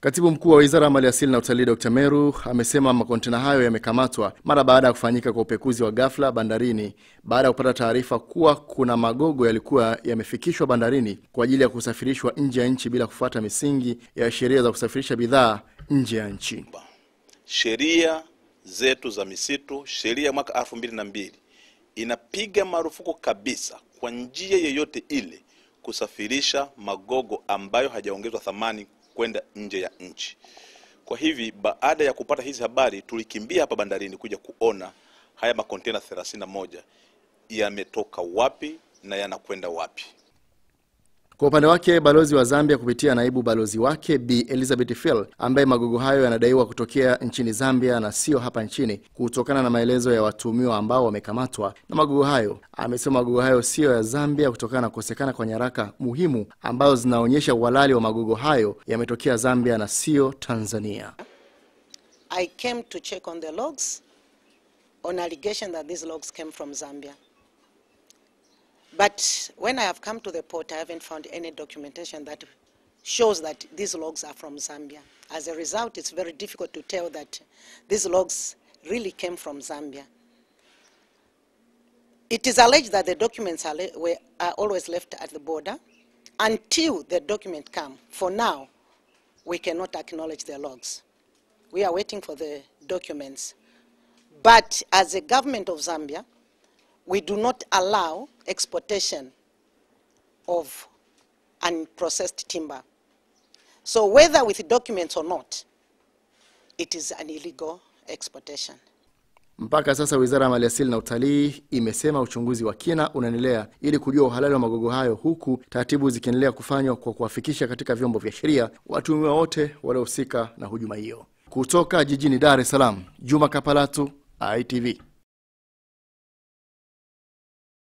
Katibu mkuu wa wizara ya maliasili na utalii Dr Meru amesema makontena hayo yamekamatwa mara baada ya kufanyika kwa upekuzi wa ghafla bandarini baada ya kupata taarifa kuwa kuna magogo yalikuwa yamefikishwa bandarini kwa ajili ya kusafirishwa nje ya nchi bila kufuata misingi ya sheria za kusafirisha bidhaa nje ya nchi. Sheria zetu za misitu, sheria ya mwaka elfu mbili na mbili inapiga marufuku kabisa kwa njia yeyote ile kusafirisha magogo ambayo hajaongezwa thamani kwenda nje ya nchi. Kwa hivi baada ya kupata hizi habari tulikimbia hapa bandarini kuja kuona haya makontena 31 yametoka wapi na yanakwenda wapi. Kwa upande wake, balozi wa Zambia kupitia naibu balozi wake Bi Elizabeth Phil, ambaye magogo hayo yanadaiwa kutokea nchini Zambia na sio hapa nchini, kutokana na maelezo ya watuhumiwa ambao wamekamatwa na magogo hayo, amesema magogo hayo siyo ya Zambia kutokana na kukosekana kwa nyaraka muhimu ambazo zinaonyesha uhalali wa magogo hayo yametokea Zambia na siyo Tanzania. I came to check on the logs on allegation that these logs came from Zambia. But when I have come to the port, I haven't found any documentation that shows that these logs are from Zambia. As a result, it's very difficult to tell that these logs really came from Zambia. It is alleged that the documents are, were, are always left at the border until the document come. For now, we cannot acknowledge the logs. We are waiting for the documents. But as a government of Zambia, we do not allow exportation of unprocessed timber. So whether with documents or not, it is an illegal exportation. Mpaka sasa Wizara ya Maliasili na Utalii imesema uchunguzi wa kina unaendelea ili kujua uhalali wa magogo hayo, huku taratibu zikiendelea kufanywa kwa kuwafikisha katika vyombo vya sheria watuhumiwa wote waliohusika na hujuma hiyo. Kutoka jijini Dar es Salaam, Juma Kapalatu, ITV.